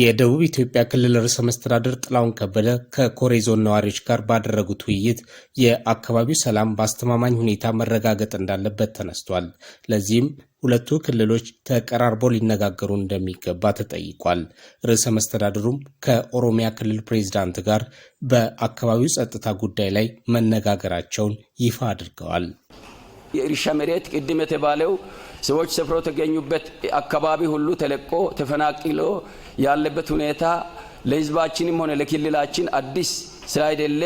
የደቡብ ኢትዮጵያ ክልል ርዕሰ መስተዳደር ጥላሁን ከበደ ከኮሬ ዞን ነዋሪዎች ጋር ባደረጉት ውይይት የአካባቢው ሰላም በአስተማማኝ ሁኔታ መረጋገጥ እንዳለበት ተነስቷል። ለዚህም ሁለቱ ክልሎች ተቀራርቦ ሊነጋገሩ እንደሚገባ ተጠይቋል። ርዕሰ መስተዳድሩም ከኦሮሚያ ክልል ፕሬዚዳንት ጋር በአካባቢው ጸጥታ ጉዳይ ላይ መነጋገራቸውን ይፋ አድርገዋል። የእርሻ መሬት ቅድም የተባለው ሰዎች ሰፍሮ ተገኙበት አካባቢ ሁሉ ተለቆ ተፈናቅሎ ያለበት ሁኔታ ለህዝባችንም ሆነ ለክልላችን አዲስ ስላይደለ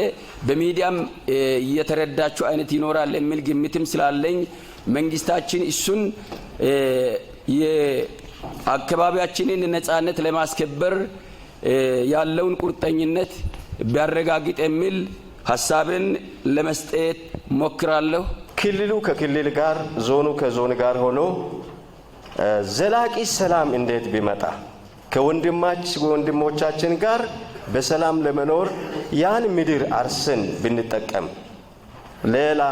በሚዲያም እየተረዳችው አይነት ይኖራል የሚል ግምትም ስላለኝ መንግስታችን እሱን የአካባቢያችንን ነጻነት ለማስከበር ያለውን ቁርጠኝነት ቢያረጋግጥ የሚል ሀሳብን ለመስጠት ሞክራለሁ። ክልሉ ከክልል ጋር፣ ዞኑ ከዞን ጋር ሆኖ ዘላቂ ሰላም እንዴት ቢመጣ ከወንድማች ወንድሞቻችን ጋር በሰላም ለመኖር ያን ምድር አርሰን ብንጠቀም ሌላ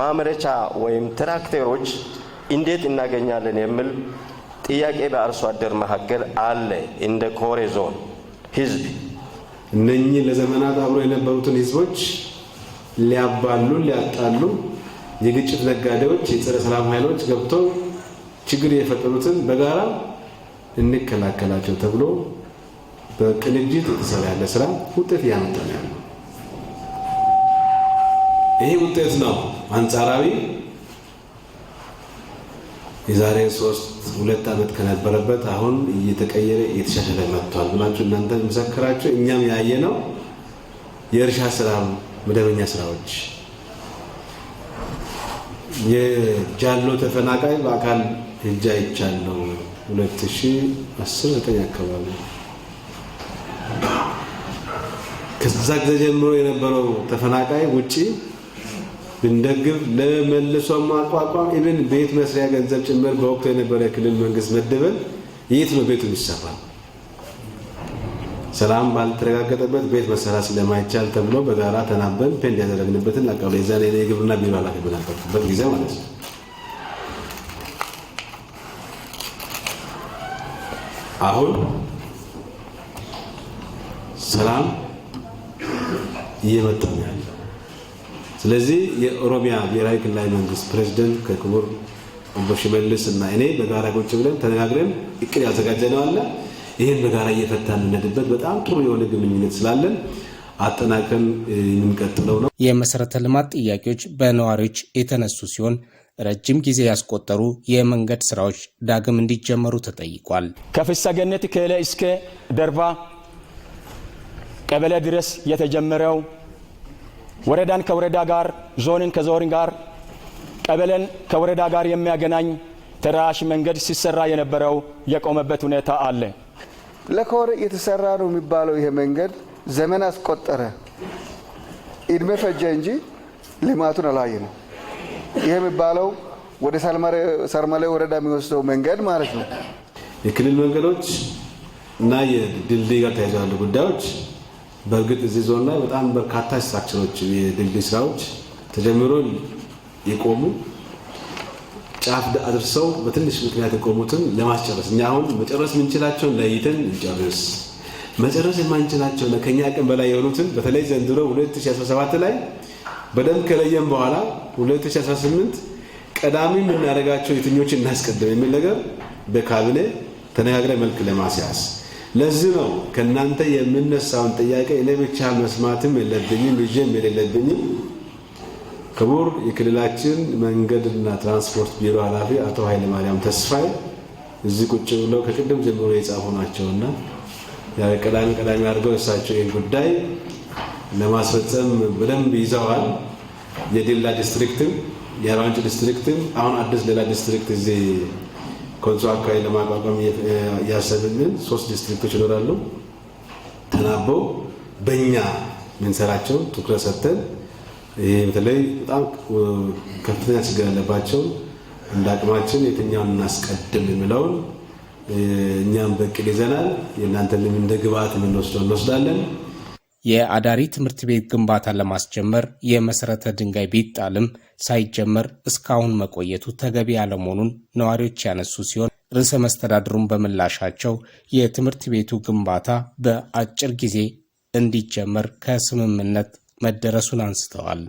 ማምረቻ ወይም ትራክተሮች እንዴት እናገኛለን የሚል ጥያቄ በአርሶ አደር መካከል አለ። እንደ ኮሬ ዞን ህዝብ እነኚህ ለዘመናት አብሮ የነበሩትን ህዝቦች ሊያባሉ ሊያጣሉ የግጭት ነጋዴዎች፣ የጸረ ሰላም ኃይሎች ገብተው ችግር የፈጠሩትን በጋራ እንከላከላቸው ተብሎ በቅንጅት የተሰራ ያለ ስራ ውጤት እያመጣ ነው ያለው። ይህ ውጤት ነው አንጻራዊ የዛሬ ሶስት ሁለት ዓመት ከነበረበት አሁን እየተቀየረ እየተሻሻለ መጥቷል ብላችሁ እናንተ መሰከራችሁ እኛም ያየ ነው። የእርሻ ስራ መደበኛ ስራዎች የጃሎ ተፈናቃይ በአካል ሄጄ አይቻለሁ። 2019 አካባቢ ከዛ ጊዜ ጀምሮ የነበረው ተፈናቃይ ውጪ ብንደግፍ ለመልሶ ማቋቋም ኢብን ቤት መስሪያ ገንዘብ ጭምር በወቅቱ የነበረ የክልል መንግስት መድበን የት ነው ቤቱ ይሰፋል? ሰላም ባልተረጋገጠበት ቤት መሰራት ስለማይቻል ተብሎ በጋራ ተናበን ፔንድ ያደረግንበትን አቀበ የዛ የግብርና ቢሮ ኃላፊ በነበርኩበት ጊዜ ማለት ነው። አሁን ሰላም እየመጣ ነው ያለ። ስለዚህ የኦሮሚያ ብሔራዊ ክልላዊ መንግስት ፕሬዚደንት ከክቡር ሽመልስ እና እኔ በጋራ ቁጭ ብለን ተነጋግረን እቅድ ያዘጋጀ ነው አለ ይህን በጋራ እየፈታ የምንሄድበት በጣም ጥሩ የሆነ ግንኙነት ስላለን አጠናቀን የምንቀጥለው ነው። የመሰረተ ልማት ጥያቄዎች በነዋሪዎች የተነሱ ሲሆን ረጅም ጊዜ ያስቆጠሩ የመንገድ ስራዎች ዳግም እንዲጀመሩ ተጠይቋል። ከፍሳ ገነት ከለ እስከ ደርባ ቀበሌ ድረስ የተጀመረው ወረዳን ከወረዳ ጋር ዞንን ከዞን ጋር ቀበሌን ከወረዳ ጋር የሚያገናኝ ተደራሽ መንገድ ሲሰራ የነበረው የቆመበት ሁኔታ አለ። ለከወርቅ የተሰራ ነው የሚባለው ይሄ መንገድ ዘመን አስቆጠረ፣ እድሜ ፈጀ እንጂ ልማቱን አላየ ነው። ይሄ የሚባለው ወደ ሳርማሌ ወረዳ የሚወስደው መንገድ ማለት ነው። የክልል መንገዶች እና የድልድይ ጋር ተያይዘው ያሉ ጉዳዮች በእርግጥ እዚህ ዞን ላይ በጣም በርካታ ስትራክቸሮች የድልድይ ስራዎች ተጀምሮ የቆሙ ጫፍ አድርሰው በትንሽ ምክንያት የቆሙትን ለማስጨረስ እኛ አሁን መጨረስ የምንችላቸውን ለይተን እንጨርስ፣ መጨረስ የማንችላቸው ከኛ አቅም በላይ የሆኑትን በተለይ ዘንድሮ 2017 ላይ በደንብ ከለየም በኋላ 2018 ቀዳሚ የምናደርጋቸው የትኞች እናስቀድም የሚል ነገር በካቢኔ ተነጋግረ መልክ ለማስያዝ ለዚህ ነው ከእናንተ የምነሳውን ጥያቄ እኔ ብቻ መስማትም የለብኝም ብዬም የሌለብኝም ክቡር የክልላችን መንገድና ትራንስፖርት ቢሮ ኃላፊ አቶ ኃይለማርያም ተስፋዬ እዚህ ቁጭ ብለው ከቅድም ጀምሮ የጻፉ ናቸውና ቀዳሚ ቀዳሚ አድርገው እሳቸው ይህን ጉዳይ ለማስፈጸም በደንብ ይዘዋል። የዲላ ዲስትሪክትም የአራንጭ ዲስትሪክትም አሁን አዲስ ሌላ ዲስትሪክት እዚህ ኮንሶ አካባቢ ለማቋቋም ያሰብልን ሶስት ዲስትሪክቶች ይኖራሉ። ተናበው በእኛ ምንሰራቸው ትኩረት ሰጥተን ይሄ በተለይ በጣም ከፍተኛ ችግር ያለባቸው እንደ አቅማችን የትኛውን እናስቀድም የሚለውን እኛም በቅል ይዘናል። የእናንተንም እንደ ግብአት የምንወስደው እንወስዳለን። የአዳሪ ትምህርት ቤት ግንባታ ለማስጀመር የመሰረተ ድንጋይ ቢጣልም ሳይጀመር እስካሁን መቆየቱ ተገቢ ያለመሆኑን ነዋሪዎች ያነሱ ሲሆን ርዕሰ መስተዳድሩን በምላሻቸው የትምህርት ቤቱ ግንባታ በአጭር ጊዜ እንዲጀመር ከስምምነት መደረሱን አንስተዋል።